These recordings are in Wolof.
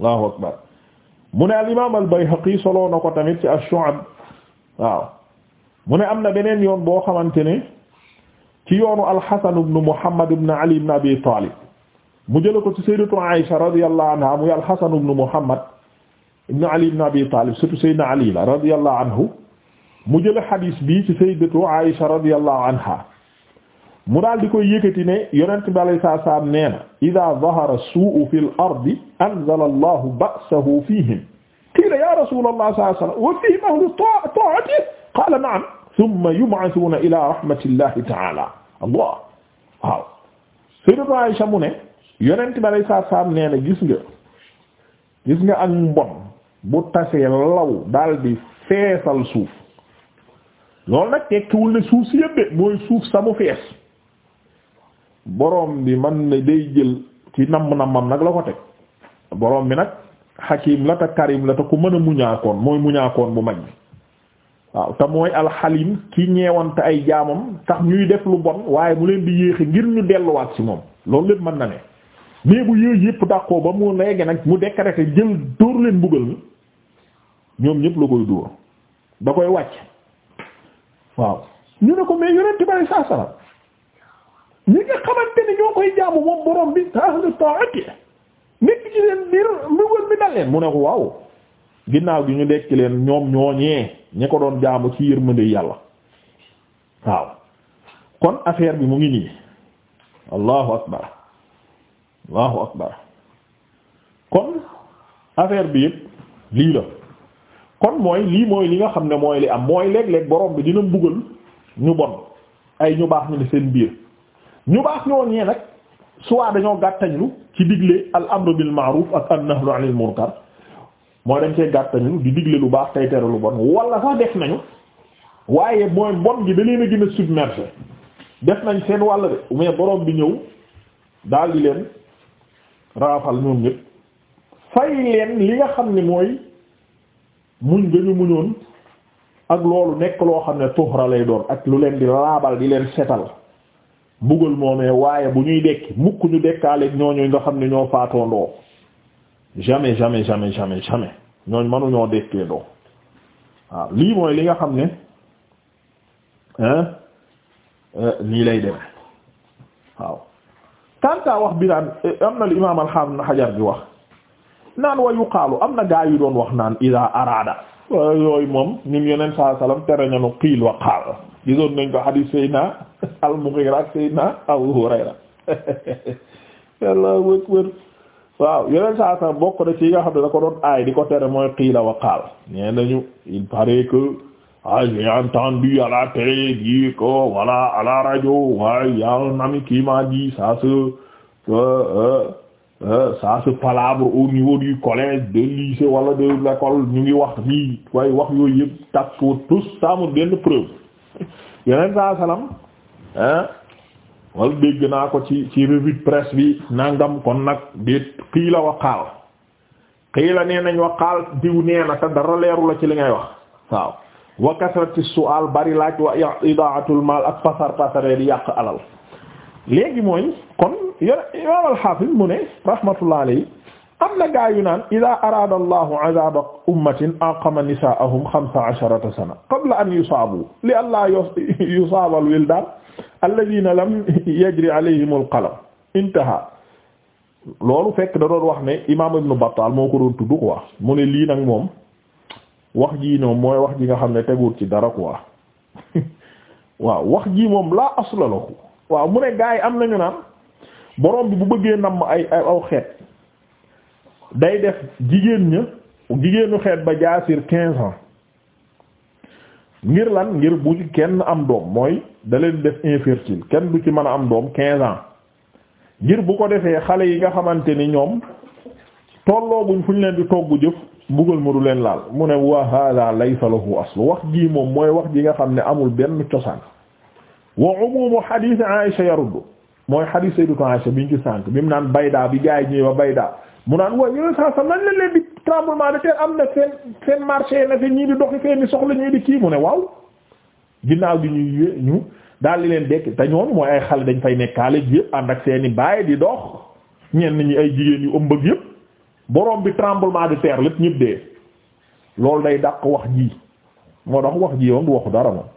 Allahu akbar mu ne al imaam al Bayhaqi soloo na ko tamit ci ash-Shu'ab waaw mu ne am na beneen yoon boo xamante ne ci yoonu al-Hasan ibn Muhammad ibn Ali ibn Abi Talib mu jële ko ci sayyidatu Aisha radiyallahu anha muy al-Hasan ibn Muhammad ibn Ali ibn Abi Talib surtout sayyidina Ali la radiyallahu anhu mu jële xadiis bi ci sayyidatu Aisha radiyallahu anha mu daal di koy yëkkati ne yonent bi alayhi salaatu salaam nee na idaa zahara suu'u fil ardi anzala allahu ba'sahu fiihim qiila yaa rasuulallaah sallallaahu alayhi wa sallam wa fiihim ahlu taa'atihi na'am thumma yub'athuuna ilaa rahmatillaahi ta'aalaa allah bu tasee law daal di feesal suuf loolu nag suuf si yëpp mooy suuf sa fees boroom bi man na day jël ci namm nammam nag la ko teg boroom bi nag xakim la te karim la te ku mën a muñaakoon mooy muñaakoon bu mag bi waaw te mooy alxalim ki ñeewante ay jaamam tax ñuy def lu bon waaye mu leen di yéexe ngir ñu delluwaat ci moom loolu lépp mën na ne mais bu yooyu yëpp dàqoo ba mu léegi nag mu de décréter jël dóor leen mbugal mi ñoom ñëpp la koy dóor da koy wàcc waaw ñu ne ko mais yonent bi sallallahu alayhi ñi nga xamante ne ñoo koy jaamu moom borom bi ahlu ta'ati nekk ci leen mbir mbugal mi dal leen mu ne ko waaw ginnaaw gi ñu dekki leen ñoom ñooñee ñi ko doon jaamu ci yërmande yàlla waaw kon affaire bi mu ngi nii allahu akbar allahu akbar kon affaire bi yëpp lii la kon mooy lii mooy li nga xam ne mooy li am mooy léeg-léeg borom bi dina mbugal ñu bon ay ñu baax ñu ne seen biir ñu baax ñoo ñee nag soit dañoo gàttañlu ci digle al amru bil ma'ruf ak an nahyu anil munkar mooy dañ cee gàttañlu di digle lu baax tey tere lu bon wala sax def nañu waaye mooy mbon gi da leen a gën a submergé def nañ seen wàll de mais borom bi ñëw daal leen raafal ñoom ñëpp fay leen li nga xam ne mooy muñ gañu muñoon ak loolu nekk loo xam ne tuhra lay doon ak lu leen di laabal di leen setal mbugal moomee waaye bu ñuy dekki mukk ñu dekkaaleeg ñooñu nga xam ne ñoo faatoondoo jamais jamais jamais jamais jamais ñooñ mënuñoo dekkee doo waaw lii mooy li nga xam ne euh, nii lay deme waaw kanta wax biraan euh, am na lu imaam al-Hafiz Ibn bi wax naan wa yuqaalu am na gaa yu doon wax naan ida araada yooyu moom ñun yeneen sa sallam tere ñanu qiil wa qaal gisoon nañ ko hadith sayna al-Mughira ak Seydina Abu Hurayra Allahu akbar waaw yeneen saa bokk na ci nga xam ne da ko doon aay di ko tere mooy qiila wa qaal nee nañu il paraît que ah j'ai entendu à la télé dire que voilà à la radio waaye y a un m'a dit ça se euh, euh, ça se palabre au niveau du collège de lycée wala de l'école ñu ngi wax lii waaye wax yooyu yëpp takku tous ça amul benn preuve yeneen saa salaam. ah wala dégg naa ko ci ci revue de presse bi nangam kon nag déet qiila wa qaal qiila nee nañ wa qaal diw nee na te dara leeru la ci li ngay wax waaw wa kasrati su'al bari laaj wa idaatul maal ak pasar pasaree di yàq alal léegi mooy kon yo- yowal xaafis mu ne rahmatullah alayhi am na gaa yu naan ida araada allahu azaba ummatin aqama nisaahum xamsa asharata sana qabla an yusaabu li allah yusaabal wildaan alladina lam yajri alayhim alqalam intaha loolu fekk da doon wax ne imam ibnu Battal moo ko doon tudd quoi mu ne lii nag moom wax jii moom mooy wax ji nga xam ne teguur ci dara quoi waaw wax jii moom laa asla lahu waaw mu ne gaa yi am nañu naan borom bi bu bëggee namm ay aw xeet day def jigéen ña jigéenu xeet ba jaasir quinze ans ngir lan ngir bu ci kenn am doom mooy da def infertile kenn du ci mën a am doom quinze ans ngir bu ko defee xale yi nga xamante ni ñoom tollooguñ fu ñu leen di togg jëf mbugal ma du leen laal mu ne wa hada laysa lahu aslu wax jii moom mooy wax ji nga xam ne amul benn cosaan wa umumu hadith Aisha yaruddu mooy hadith sayyidatu Aisha biñ ci sànk bi mu naan baydaa bi gaay ñëw baydaa mu naan waaye yooyu saa sa nañ la leen di tremblement de terre am na seen seen marché na fi ñii di doxi seen i soxla ñii di kii mu ne waaw ginnaaw gi ñu ñu daal di leen dekk te ñoom mooy ay xale dañ fay nekk ji yëpp ànd ak seen i baay di dox ñenn ñi ay jigéen yu ëmb ak yëpp bi tremblement de ter lépp ñëpp dee loolu day dàq wax ji moo tax wax ji yoon du waxu dara moom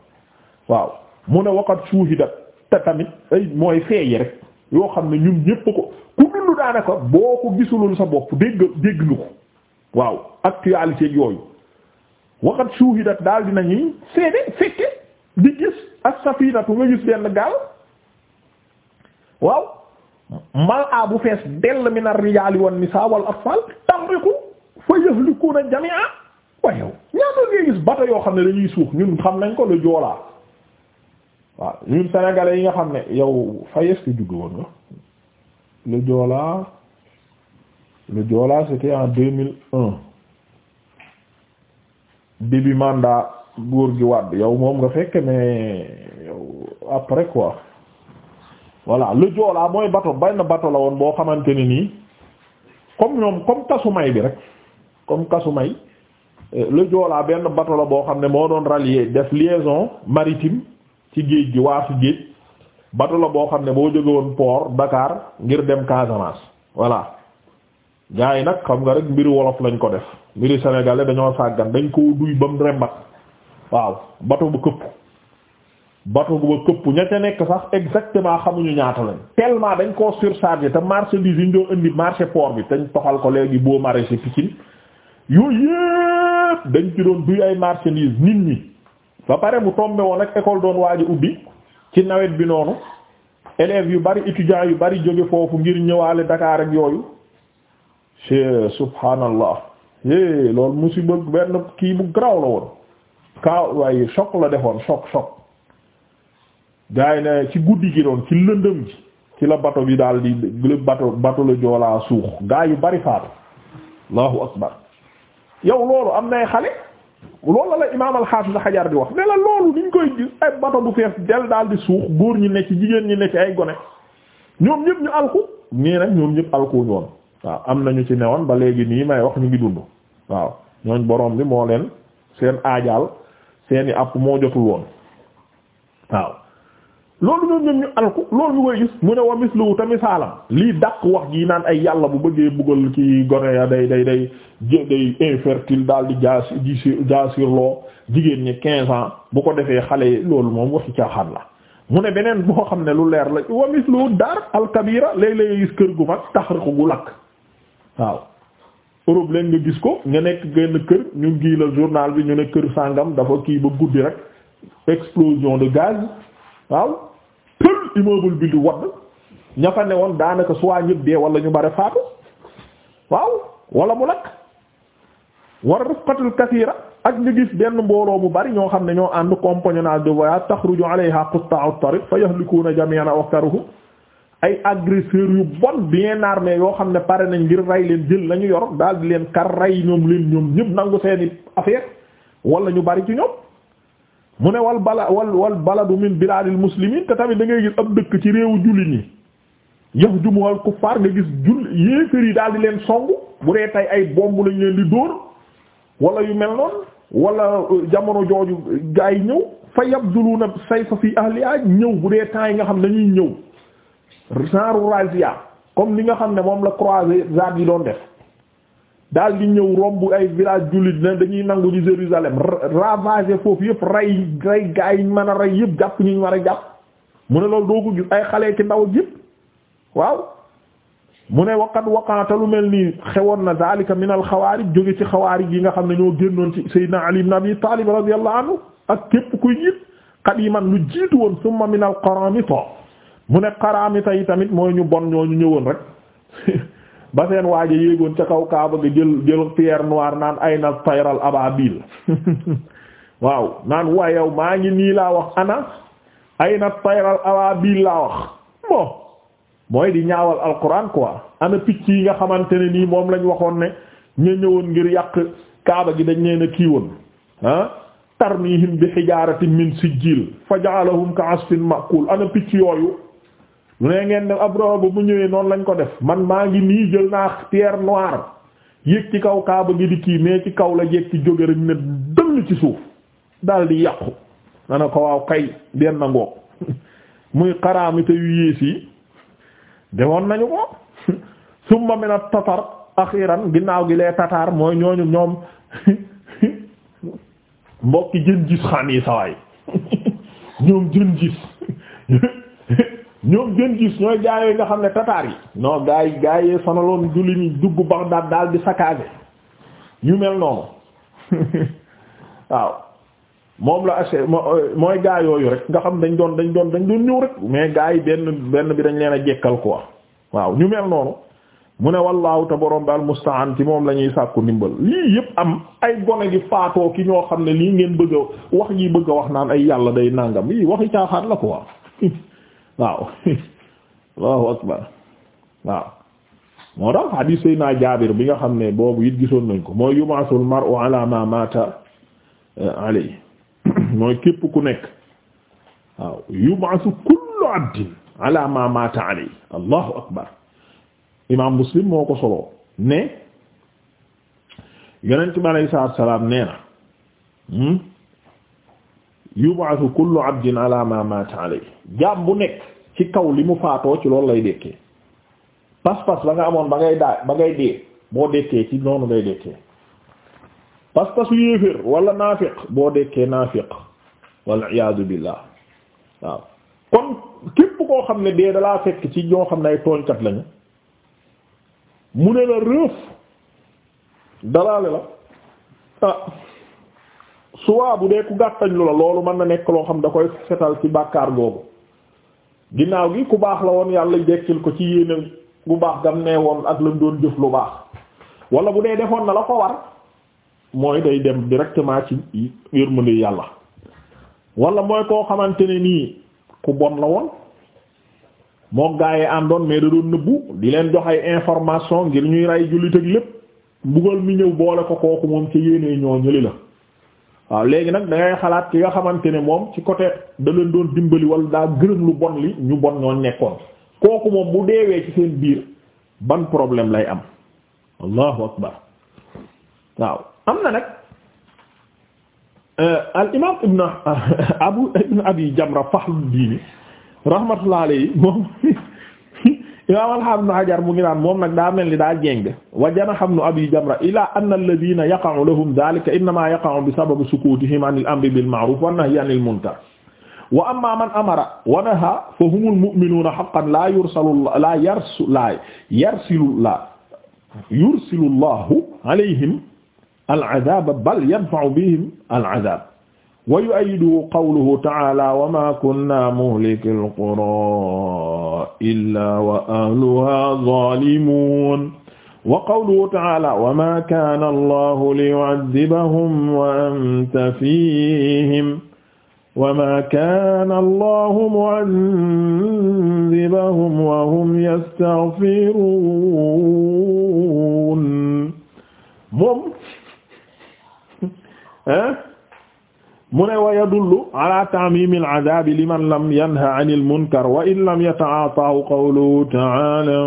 waaw mu ne waqat suuhidat te tamit ay mooy feeyi rek. yoo xam ne ñun ñépp ko ku dund daanaka boo ko gisulul sa bopp dégg dégg nga ko waaw actualité yooyu waxat shuhidat daal dinañuy seede fekke di gis ak safinatu nga gis benn gaal waaw mal bu fees dell min ar-rijaali wan nisaa wal atfaal tamriqu fa yahlikuuna jamii'a wa yow ñaata ngay gis bato yoo xam ne lañuy suux ñun xam nañ ko lu joolaa waaw ñun sénégalais yi nga xam ne yow fayes que juddu woon nga le Joola le Joola c'était en deux mille un début mandat góor gi wàdd yow moom nga fekk mais yow après quoi voilà le Joola mooy bato benn bato la woon boo xamante ne nii comme ñoom comme Kasumay bi rek comme may euh, le Joola benn bato la boo xam ne moo doon rallier def liaison maritime ci géej gi waasu géej bato la boo xam ne boo jóge woon port Dakar ngir dem Casamance voilà gars yi nag xam nga rek mbiri wolof lañ ko def mbiri sénégalais dañoo sàggan dañ koo duy ba mu rembat waaw bato bu këpp bato bu ba këpp ña nekk sax exactement xamuñu ñaata lañ tellement dañ koo surchargé te marchandise yi ñu doon indi marché port bi dañ toxal ko léegi boo maraîcher Pikine yooyu yëpp dañ ci doon duy ay marchandise nit ñi ba pare mu tombé woon ak école doon waaj ubbi ci nawet bi noonu élèves yu bari étudiants yu bari jóge foofu ngir ñëwaale dakaar ak yooyu c'est subhanallah é loolu musiba kii bu graw la woon kaaw waaye choc la defoon choc choc gars na ci guddi gi doon ci lëndëm ji ci la bato bi daal di bato bato la joolaa suux gaa yu bari faatu allahu akbar yow loolu am nay xale loolu la imaam al-Hafiz Hajar di wax ne la loolu niñ koy gis ay bato bu fees del daal suux góor ñi ne ci jigéen ñi ne ci ay gone ñoom ñëpp ñu alku nii nag ñoom ñëpp alkuuñ woon waaw am ñu ci ne woon ba léegi nii may wax ñu ngi dund waaw ñooñ borom bi moo leen seen aajaal seeni àpp moo jotul woon waaw loolu ñoom ñu alku loolu ñu koy gis mu ne wa mislu tamit saalam lii dàq wax ji naan ay yàlla bu bëggee buggal ci gone ya day day day day infertile daal di jaas jaasir loo jigéen ñi quinze ans bu ko defee xale yi loolu moom waxi caaxaan la mu ne beneen boo xam ne lu leer la wa mislu dar alkabira léeg-léeg gis kër gu mag taxariku gu lakk waaw Europe leen nga gis ko nga nekk genn kër ñu ngi la journal bi ñu ne kër sàngam dafa kii ba guddi rek explosion immeuble bi di wadd ña fa ne woon daanaka soit ñëpp dee wala ñu bare faatu waaw wala mu lakk war rifqatul kathira ak ñu gis benn mbooloo mu bari ñoo xam ne ñoo ànd compagnonnage de voyage taxruju alayha qutta'u tariq fa yahlikuna jami'an aw aktharuhum ay agresseurs yu bon bien armés yoo xam ne pare nañ ngir rey leen jël lañu yor daal di leen kar rey ñoom leen ñoom ñëpp nangu seeni affaire wala ñu bari ci ñoom mu ne wal bala wal wal baladu min bilaadil muslimiin te tamit dangay ngay gis ab dëkk ci réewu jullit yi yahjumu al kuffaar nga gis jull yéefar yi daal di leen songu bu dee tey ay bomb lañ leen di dóor wala yu mel noonu wala euh, jamono jooju gaa yi ñëw fa yabduluuna sayfa fi ahliha ñëw bu dee temps yi nga xam ne dañuy ñëw genre razzia comme li nga xam ne moom la croisade yi doon def. daal di ñëw romb ay village jullit dañuy nangu ci Jérusalem ravager foofu yëpp rey rey gaa yi man a rey yëpp jàpp ñu war a jàpp mu ne loolu doo ko ay xale ki ndaw yëpp waaw mu ne waqat waqaata lu mel nii xewoon na zalika min al xawaarij jóge ci xawaarij yi nga xam ne ñoo génnoon ci Seydina Ali ibn Abi Talib radiyallahu anhu ak képp kuy yi man lu jiitu woon summa min al qaramita mu ne qaramita yi tamit mooy ñu bon ñoo ñu ñëwoon rek ba seen waaja yéegoon ca kaw kaaba ga jël jël pierre noire naan ay na tayral ababil waaw naan waay maa ngi nii laa wax ana ay na tayral ababil laa wax bon mooy di ñaawal alquran quoi ana picc yi nga xamante ne nii moom lañ waxoon ne ñu ñëwoon ngir yàq kaaba gi dañ neena kii woon ah tarmihim bi hijaaratin min sijjil fa ja'alahum ka'asfin ma'kul ana picc yooyu mu ne ngeen def ab roba bu ñëwee noonu lañ ko def man maa ngi nii jël naa pierre noire yéeg ci kaw kaaba gi di kii mais ci kaw la yéeg ci jóge rek ne dëll ci suuf daal yàqu na ne ko waaw kay benn ngoog muy xaraamite yu yées yi demoon nañu ko summa mina tatar axiran ginnaaw gi lee tatar mooy ñooñu ñoom mbokki jën gis xaan yi sawaay ñoom jën gis ñoom gën gis ñooy gaa yi nga xam ne tataar yi non gaa yi gaa yee sonaloon julli ñi dugg Bagdad daal di saccagé yu mel noonu waaw moom la ache mooy gaa yooyu rek nga xam dañ doon dañ doon dañ doon ñëw rek mais gaa yi benn benn bi dañ leen a jekkal quoi waaw ñu mel noonu mu ne wallaahu te borom bi almustaan ci moom la ñuy sàkku ndimbal lii yëpp am ay gone gi faatoo ki ñoo xam ne lii ngeen bëgg a wax yi bëgg a wax naan ay yàlla day nàngam yii waxi caaxaan la quoi waaw allahu akbar waaw moo tax Jaabir bi nga xam ne boobu it gisoon nañ ko mooy yub'athul mar'u ala ma mata eh, alayhi mooy képp ku nekk waaw yub'athu kullu abdin ala ma mata alayhi akbar imam Muslim moo ko soloo ne yonent bi alayhi salaatu salaam nee na hmm? yub'athu kullu abdin ala ma mata alayhi bu nekk ci kaw li mu faatoo ci loolu lay dekkee pas-pas ba nga amoon ba ngay daa ba ngay dee boo dekkee ci noonu ngay dekkee pas-pasu yéeféer wala naafiq boo dekkee naafiq wal iyaadu billah waaw kon képp koo xam ne dee dalaa fekk ci ñoo xam ne ay tooñkat lañu mu ne la rëf dalaale la ah suwaa bu dee ku gàttañ lu la loolu mën na nekk loo xam da koy setal ci bàkkaar googu ginnaaw gi ku baax la woon yàlla dekkil ko ci yéene bu baax gam ne woon ak lam doon jëf lu baax wala bu dee defoon na la ko war mooy day dem directement ci yërmande yàlla wala mooy koo xamante ne nii ku bon la woon moo gaayee àndoon mais da doon nëbbu di leen jox ay information ngir ñuy rey jullit ak lépp mbugal mi ñëw boole ko kooku moom ca yéenee ñoo ñëli la waaw léegi nag da xalaat ki nga xamante ne moom ci côté da leen doon dimbali wala daa gërëm lu bon li ñu bon ñoo nekkoon kooku moom bu deewee ci seen biir ban problème lay am allahu akbar waaw am na nag euh, al imaam ibn abu ibn abi jamra faxlu diini rahmatullah alayhi moom imaam alxaam nu hajar mu ngi naan moom nag daa mel ni daa jéng wa janaxam nu abi jamra ila anna alladina yaqa'u lahum dhalika innama yaqa'u bi sababi sukutihim an il amri bil ma'ruf wa nahyi anil munkar wa amma man amara wa naha fa humul mu'minuuna haqqan la yursalu la yarsu la yarsilu la yursilu allahu alayhim al'adaba bal yadfa'u bihim al'adab wa yu'ayyiduhu qawluhu ta'ala wa ma kunna muhlikil qura illa wa ahluha zalimun wa qawluhu ta'ala wa ma kana allahu liyu'adhibahum wa anta fihim wa ma kana allahu mu'adhibahum wa hum yastaghfirun moom mu ne wa yadullu ala ta'mim al-'adhab liman lam yanha 'an al-munkar wa in lam yata'atahu qawluhu ta'ala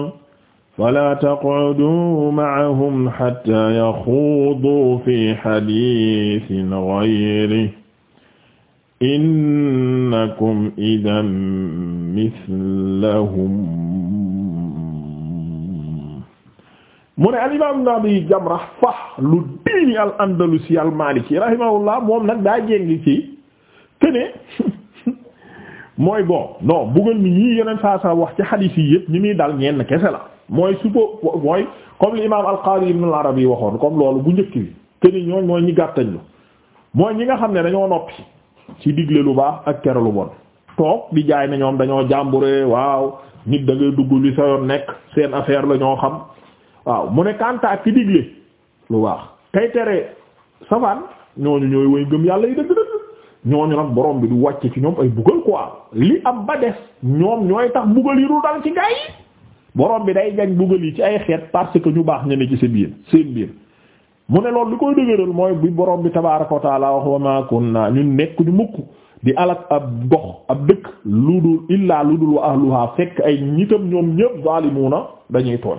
fala taq'udu ma'ahum hatta yakhudu fi hadithin ghayrihi innakum idhan mithlahum mu ne al-imam Ibn Abi Jamrah fahlu al-Madini al-Andalusi al-Maliki rahimahullah moom nag daa jéngi ci kene mooy bon non buggal mi ñii yeneen saa saa wax ci xadiis yi yëpp ñi muy dal ñenn kese la mooy suppo mooy comme li imaam al-Qaadi Ibn al yi waxoon comme loolu bu njëkk bi kene ñooñ mooy ñi gàttañlu mooy ñi nga xam ne dañoo noppi ci digle lu baax ak tere lu bon toog di jaay ne ñoom dañoo jàmbure waaw nit da dugg li sa yoon nekk seen affaire lañoo xam waaw mu ne kanta ak ci digle tey tere safaan ñooñu ñooy woy gëm yàlla yi dëgg dëgg ñooñu nag borom bi du wàcc ci ñoom ay buggal quoi li am ba des ñoom ñooy tax buggal yi du dal ci gaa borom bi day jañ buggal yi ci ay xeet parce que ñu baax ñene ci seen biir mu ne lool li koy dëgëral mooy bi borom bi tabaaraka wa taala wax wa ma kunna ñun nekk ñu mukk di alak ab gox ab dëkk lu dul illaa lu dul wa ahluha fekk ay ñitam ñoom ñëpp na dañuy tooñ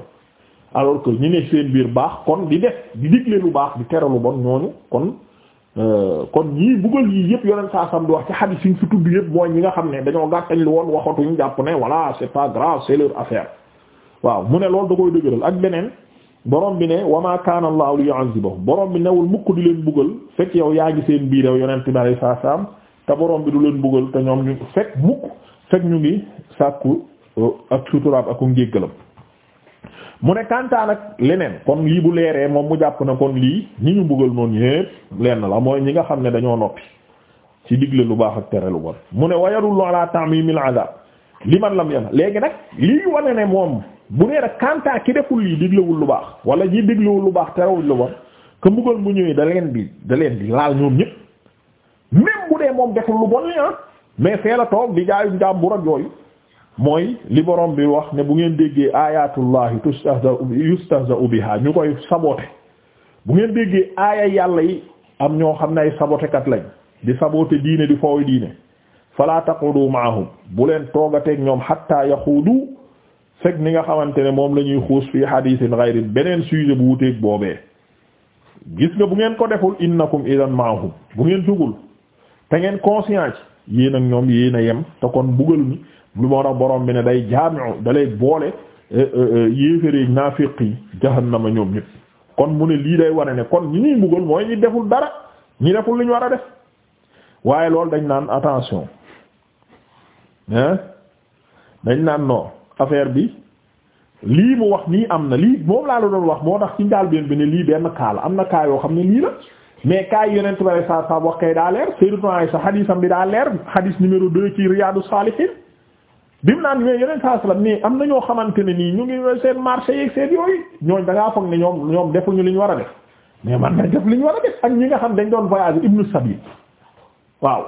alors que ñi nekk seen biir baax kon di def di digle lu baax di tere lu bon ñooñu kon euh, kon ñii buggal yii yëpp yoneen saa sam di wax ci xadis yi ñu fi tudd yëpp mooy ñi nga xam ne dañoo gàttañ lu woon ñu jàpp ne voilà c'est pas grave c'est leur affaire waaw mu ne loolu da koy dëgëral ak beneen borom bi ne wa ma kaana Allahu li yu'azibahum borom bi newul mukk di leen buggal fekk yow yaa ngi seen biir yow yonent bi alayhi saa sam borom bi du leen buggal te ñoom ñu fekk mukk fekk ñu ngi sàkku euh, ak suturaab akum njéggalam mu ne kantaan ak leneen kon lii bu leeree moom mu jàpp na kon lii ñi ñu buggal noonu yépp lenn la mooy ñi nga xam ne dañoo noppi ci digle lu baax ak tere lu bon mu ne wayarullu ala ta'mimil adab li man lam yan léegi nag lii wane ne moom bu nee nag kantaa ki deful lii diglewul lu baax wala ñi diglewul lu baax terewul lu bon que mbugal mu ñëwee da leen di da leen di laal ñoom ñëpp même bu dee moom deful lu bon li ah mais fee la toog di jaayum jaam mooy li borom bi wax ne bu ngeen déggee ayatullahi tustahza'u yustahza'u biha ñu koy sabote bu ngeen déggee aaya yàlla yi am ñoo xam ne ay sabotekat lañ di sabote diine di fooy diine fala taqudu ma'ahum bu leen toogateeg ñoom hatta yaxuudu fekk ni nga xamante ne moom la ñuy xuus fii hadithin ghayri beneen sujet bu wuteeg boobee gis nga bu ngeen ko deful innakum idan ma'ahum bu ngeen jugul te ngeen conscient yéen nag ñoom yéen a yem te kon mbugal mi lu moo tax borom bi ne day jaamiu dalay boole eh, eh, eh, yéeféreeg naafiq yi jahannama ñoom ñëpp kon mu ne lii day wane ne kon ñi ñuy mbugal mooy ñi deful dara ñi deful lu war a def waaye loolu dañ naan attention hein dañ naan non affaire bi lii mu wax nii am na lii moom laa la doon wax moo tax ci njaal benn bi ne lii benn kaa am na kaa yoo xam ne lii la mais kaay yonent bi alayhi salaatu salaam wax kay daa leer Sayyidatu Aysa xadisam bi daa leer xadis numéro deux ci Riyaadu Saalihiin bi mu naan mais yonent saa salaam nii am na ñoo xamante ne nii ñu ngi seen marché yeeg seen yooyu ñooñ da ngaa foog ne ñoom ñoom defuñu li ñu war a def mais man na def li ñu war a def ak ñi nga xam dañ doon voyage Ibnu Sabiil waaw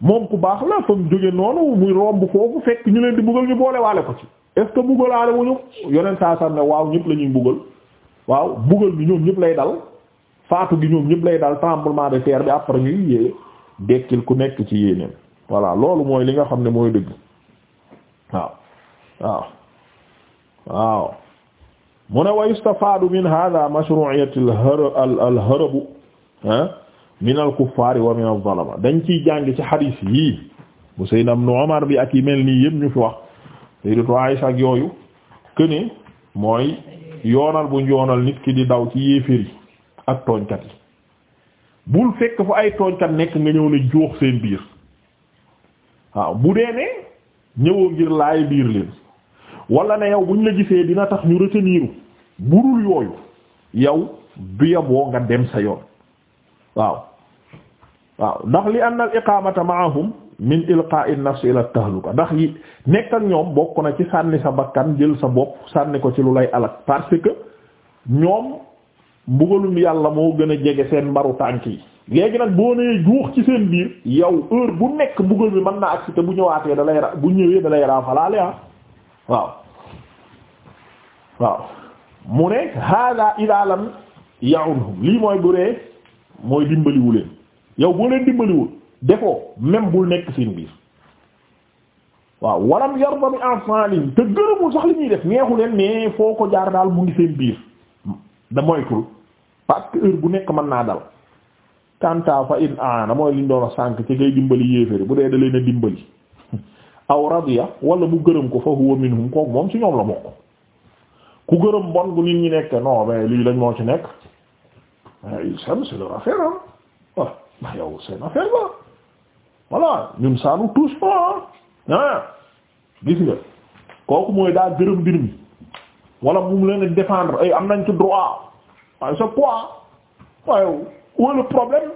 moom ku baax la fa mu jóge noonu muy romb foofu fekk ñu leen di buggal ñu boole waale ko ci est ce que buggalaale wuñu yonent saa la ñuy buggal waaw buggal bi ñoom ñëpp lay dal faatu gi ñoom ñëpp lay dal tremblement de terre bi après ñuy yée ku nekk ci yéeneen voilà loolu mooy li nga xam ne mooy dëgg waaw waaw waaw mu ne wa yustafaadu min hada mashru'iyyat al harab ah, min al kuffar wa min al zalama dañ ciy jàng ci xadiis yii bu Seydina Ibn Umar bi ak yi mel nii yëpp ñu fi wax Sayyidatu Aisha ak yooyu këne mooy yoonal buñ yoonal nit ki di daw ci yéeféer yi ak tooñkat yi bul fekk fu ay tooñkat nekk nga ñëw ne joox seen biir waaw bu dee ne ñëwoo ngir laay biir leen wala ne yow buñ la gisee dina tax ñu retenir burul yooyu yow du yaboo nga dem sa yoon waaw waaw ndax li anna al iqamata ma'ahum min ilqa'i an-nafs ila tahluka ndax yi nekk ak ñoom bokk na ci sànni sa bakkan jël sa bopp sànni ko ci lu lay alak parce que ñoom mbugalum yàlla moo gën a jege seen mbaru tànk yi léegi nag boo nee juux ci seen biir yow heure bu nekk mbugal bi man na agsi te bu ñëwaatee da ra bu ñëwee dalay lay raafalaale ah waaw waaw mu ne hada ida lam ya'unhum lii mooy bu ree mooy dimbaliwu leen boo leen dimbaliwul defoo même bul nekk seen biir waaw walam yarda bi enfant lim te gërëmul sax li ñuy def neexu leen mais foo ko jaar daal mu ngi seen biir da moytul parce que bu nekk mën naa dal kanta fa in aana mooy liñ doon a sànk ci ngay dimbali yéeféri bu dee da leen a dimbali aw radiya wala mu gërëm ko fa huwa minhum kooku moom ci ñoom la bokk ku gërëm bon bu nit ñi nekk non mais lii lañ moo ci nekk il sem c'est leur a ah, yow ba voilà ñun saanu touche pas ah gis nga kooku mooy daa gërëm mbir wala mu leen défendre ay eh, am nañ ci droit waaye c'est quoi waaye où est problème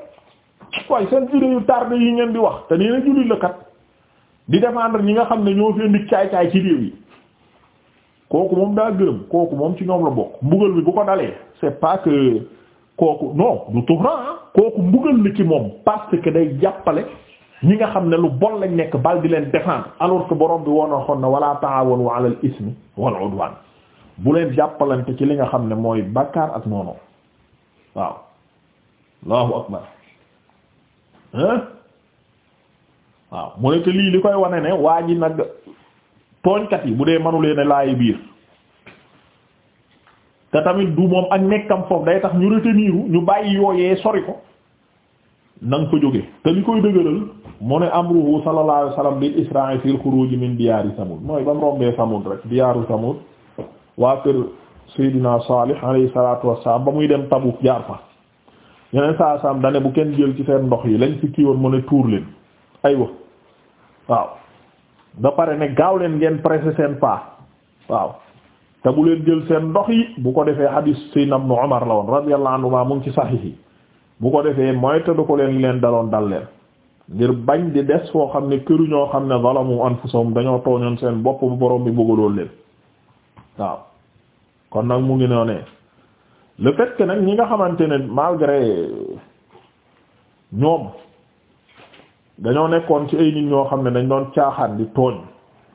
waaye seen idée yu tardé yi ngeen di wax te nee na jullit la kat di défendre ñi nga xam ne ñoo fi indi caay-caay ci réew yi kooku moom daa gërëm kooku moom ci ñoom la bokk mbugal bi bu ko dalee c'est pas que kooku non du tuxran kooku mbugal la ci moom parce que day jàppale ñi nga xam ne lu bool lañ nekk bal di leen défendre alors que borom bi woon na na walaa ta'awanu ala al wal bu leen jàppalante ci li nga xam ne mooy bàkkaar ak noonu waaw allahu akbar hein waaw mu ne te lii li koy wane ne waa ji nag tooñkat yi bu dee manulee leen laay biir te tamit du moom ak nekkam foofu day tax ñu retenir ñu bàyyi yooyee sori ko na fa jóge te li koy dëgëral mu ne amruhu sallallahu alayhi wasallam bil isra'i fil khuruj min diyaari samud mooy ba rombee samud rek diyaaru samud waa kër Seydina Salih alayhi salaatu wassalaam ba muy dem Tabuk jaar fa yeneen saa saam dane bu kenn jël ci seen ndox yi lañ fi kii woon mu ne tuur leen aywa waaw da pare ne gaaw leen ngeen pressé seen pas waaw te bu leen jël seen ndox yi bu ko defee hadis Seydina Ibnu Umar la woon radiyallahu anhuma mu ngi ci saxiix yi bu ko defee mooy te du ko leen leen daloon dal leen ngir bañ di des foo xam ne këru ñoo xam ne zalamu anfusahum dañoo tooñoon seen bopp bu borom bi bëggaloon leen waaw kon nag mu ngi noonee le fait que nag ñi nga xamante ne malgré ñoom dañoo nekkoon ci ay nit ñoo xam ne dañ doon caaxaan di tooñ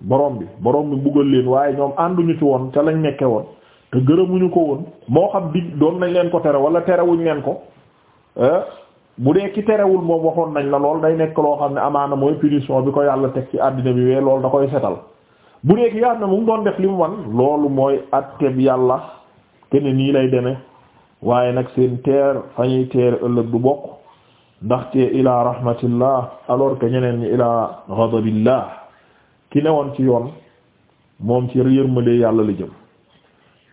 boroom bi boroom bi buggal leen waaye ñoom ànduñu ci woon ca lañ nekke woon te gërëmuñu ko woon moo xam di doon nañ leen ko tere wala terewuñ leen ko eh, bu dee ki terewul moom waxoon nañ la lool day nekk loo xam ne amaana mooy punition bi ko yàlla teg ci àddina bi wee loolu da koy setal bu dee ki nga xam doon def li wan loolu mooy atteb yàlla kene nii lay deme waaye nag seen teer fa ñuy teer ëllëg du bokk ndaxte ila rahmatillah alors que ñeneen ñi ila ghadabillah ki newoon ci yoon moom ci yërmande yàlla la jëm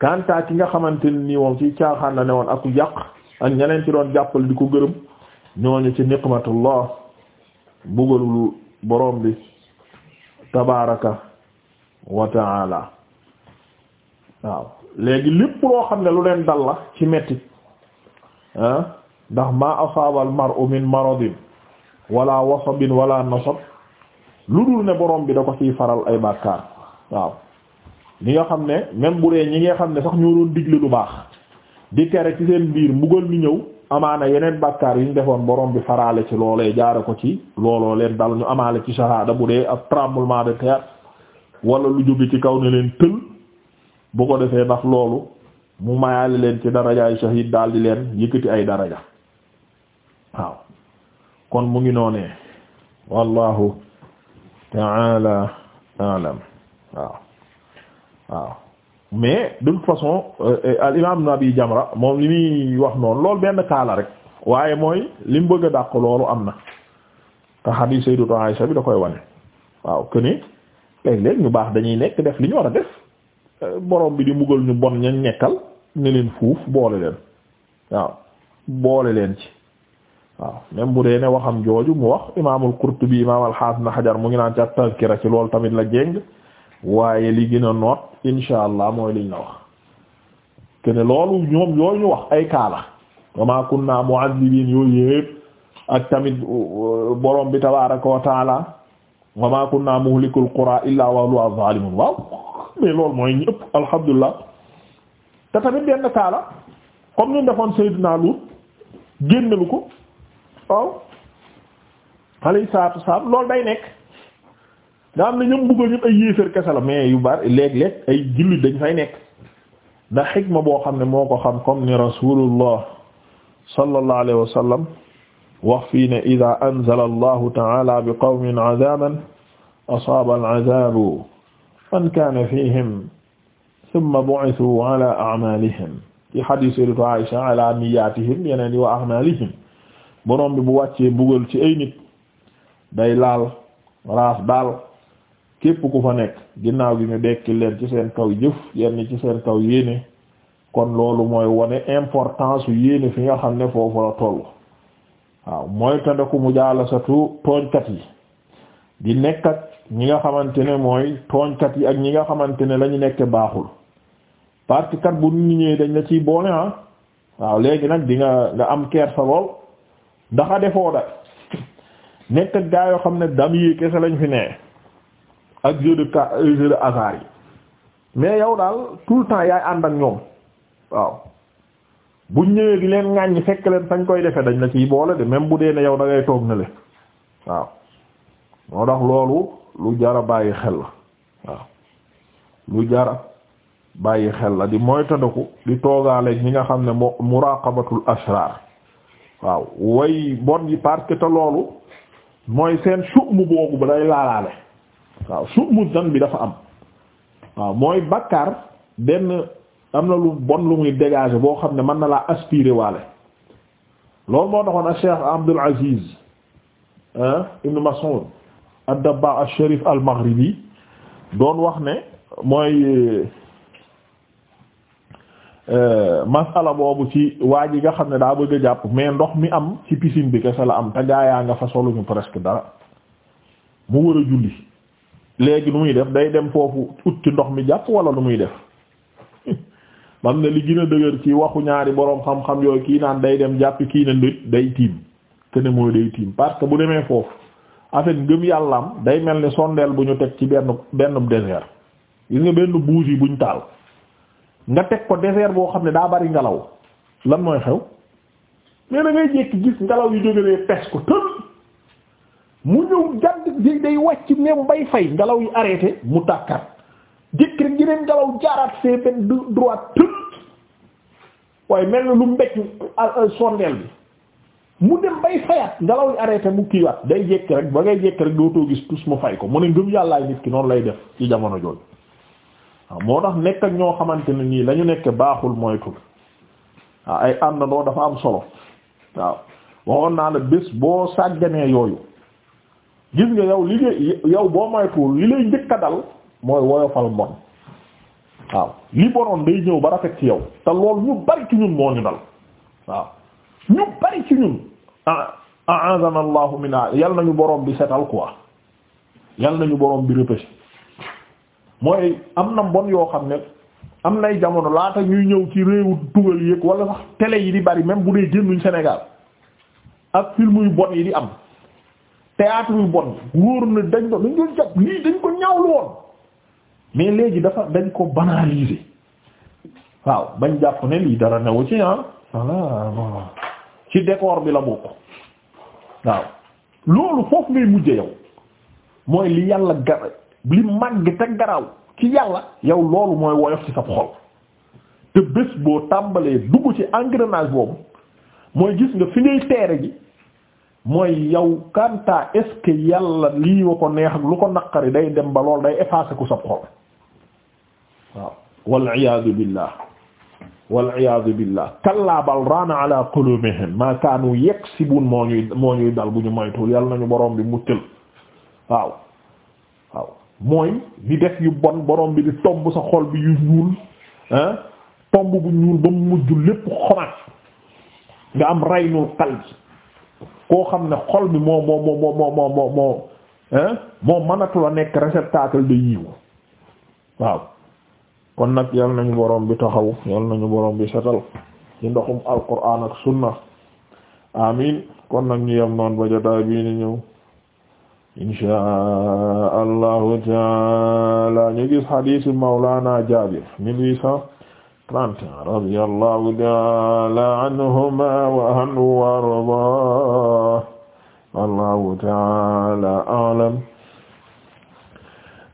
kanta ki nga xamante ni moom ci caaxaan la newoon ak yàq ak ñeneen ci doon jàppal di ko gërëm ñooñu ci niqmatullah bugalul borom bi tabaraka wa ta'ala waaw léegi lépp loo xam ne lu leen dal la ci metti ah, ndax ma asaaba al mar'u min maradin wala wasabin wala nasab lu dul ne borom bi da ko ciy faral ay bàkkaar waaw ñi nga xam ne même bu dee ñi nga xam ne sax ñoo doon digle lu baax di tere ci seen biir mbugal mi ñëw amaana yeneen bàkkaar yi ñu defoon borom bi faraale ci loolee jaare ko ci looloo leen dal ñu amaale ci shahada bu dee ab tremblement de terre wala lu jóge ci kaw ne leen tël bu ko defee ndax loolu mu mayaale leen ci darajaay shahid daal di leen yëkkati ay daraja waaw kon mu ngi noonee wallahu ta'ala a'lam waaw waaw mais de toute façon euh, euh, al imam nabi jamra moom li muy wax noonu lool benn kaala rek waaye mooy li mu bëgg a dàq loolu am na te hadith sayyidatu Aisha bi da koy wane waaw këni léeg-léeg ñu baax dañuy nekk def li ñu war a def borom bi di mbugal ñu bon ña nekkal ne leen fuuf boole leen waaw boole leen ci waaw même bu dee ne waxam jooju mu wax imaamul Qurtubi imaam al-Hasan na mu ngi naan ci at-Tazkira ci loolu tamit la jéng waaye li gën a noot insha allah mooy liñ la wax te ne loolu ñoom yooyu ñu wax ay kaala wa maa kunna mu'azzibin yooyu yëpp ak tamit uh, uh, borom bi tabaaraka wa taala wa ma kunna muhlikul qura illa wa waaw mais mooy ñëpp alhamdulilah te tamit benn kaala comme ni defoon Seydina Lut génnalu ko waaw alayhi salaatu wasalaam loolu day nekk nga am ne ñoom bëggoon ñëpp ay yéeféer kese la mais yu bari léeg-léeg ay jullit dañ fay nekk ndax xikma boo xam ne moo ko xam comme ni rasulullah sallallahu alayhi wa sallam wax fii ne ida anzala allahu taala bi qawmin azaban asaaba alazabu man kaane fihim summa bu'ithu ala a'malihim ci hadis edito Aïsha ala niyyatihim yeneen yi wa a'malihim borom bi bu wàccee bugal ci ay nit day laal raas daal képp ku fa nekk ginnaaw gi ñu dekki leen ci seen kaw jëf yenn ci seen kaw yéene kon loolu mooy wone importance yu yéene fi nga xam ne foofu la tollu waaw mooy mu tandaku mujaalasatu tooñkat yi di nekk ak ñi nga xamante ne mooy tooñkat yi ak ñi nga xamante ne la ñu baaxul parce que kat bu ñëwee dañ la ciy boole ah waaw léegi nag di nga nga am kersa lool ndax a defoo da nekk ak gaa yoo xam ne dam yi kese lañ fi nee ak jeu de ca jeu yi mais yow daal tout le temps yaay ànd ak ñoom waaw. buñ ñëwee di leen ŋàññi fekk leen fañ koy defe dañ la ciy boole de même bu dee ne yow da ngay toog na waaw moo tax loolu lu jara bàyyi xel la waaw lu jara bàyyi xel la di moytandiku di toogaaleeg ñi nga xam ne mo muraqabatul asrar waaw way bon yi parce loolu mooy seen su'mu boobu ba day laalaale waaw su'mu zan bi dafa am waaw mooy bàkkaar benn am na lu bon lu muy dégager boo xam ne mën na laa aspirer waale loolu moo taxoon a Cheikh Abdul Aziz ibn Mas'ud ad-Dabba al-Sharif al-Maghribi doon wax ne mooy euh, masala boobu ci waa ji nga xam ne daa bëgg a jàpp mais ndox mi am ci piscine bi kese la am te gaa yaa nga fa soluñu presque dara mu war a julli léegi lu muy def day dem foofu ut ci ndox mi jàpp wala lu muy def bam ne li gën a dëgër ci waxu ñaari boroom xam-xam yooyu kii naan day dem jàpp kii na nit day tiim te ne mooy day tiim parce que bu demee foofu afet yàlla am day mel ni sondeel bu ñu teg ci benn benn désert gis nga benn buus yi buñ taal nga teg ko désert boo xam ne daa bari ngelaw lan mooy xew mais da ngay jékki gis ngelaw yu jógalee pes ko tël mu ñëw jadd day wàcc même bay fay ngelaw yi arrêté mu tàkkat jékki rek ngelaw jaaraat see benn droit tël waaye mel na lu mbéj sondeel bi mu dem bay fayat ngelaw li arrêté mu kiiwaat day jekki rek ba ngay jekki rek dootoo gis tus mu fay ko mu ne ngëm yàllaay nit ki noonu lay def ci jamono jooju waaw moo tax nekk ak ñoo xamante ne nii la ñu nekk baaxul moytu waaw ay àndandoo dafa am solo waaw waxoon naa la bés boo sàgganee yooyu gis nga yow li yow boo moytuwul li lay njëkk a dal mooy woyofal mbon waaw li bonoon day ñëw ba rafet ci yow te lool ñu bari ci ñun moo ñu dal waaw ñu bari ci ñun ah a'azana allahu mina yal nañu boroom bi setal quoi yal nañu borom bi repêché mooy am na mbon yoo xam ne am nay jamono laata ñuy ñëw ci réewu tugal yëg wala sax télé yi di bari même bu dee génnuñ Sénégal ak film yu bon yi di am théâtre yu bon wóor na dañ ko dañ ko jàpp lii dañ ko ñaawlu woon mais léegi dafa dañ ko banaliser waaw bañ jàpp ne lii dara newu ci ah voilà ci décor bi la bokk waaw loolu foofu ngay mujje yow mooy li yàlla gara li màgg te garaw ci yàlla yow loolu mooy woyof ci sa xol te bés boo tàmbalee dugg ci engrenage boobu mooy gis nga fi ngay teere gi mooy yow kanta est-ce que yàlla lii wa ko neex ak lu ko naqari day dem ba loolu day effacer ko sa xol waaw waliyasu billah waliyasu billah kallaa bal raana ala qulubihim maa kaanu yaksibun moo ñuy moo ñuy dal bu ñu moytuwul yàlla nañu borom bi muccal waaw waaw mooy di def yu bon borom bi di tomb sa xol bi yu ñuul tomb bu ñuul ba mu mujj lépp xomaat nga am raynul qalbi koo xam ne xol bi moo moo moo moo moo moo moo moo mënatu la nekk réceptacle de yiw waaw kon nag yal nañu borom bi taxaw yal nañu borom bi setal ci ndoxum alquran sunna amin kon nag yam noon ba jotaay bii ni taala ñu gis hadith jabir mille huit taala anhuma wa anhu warda taala a'lam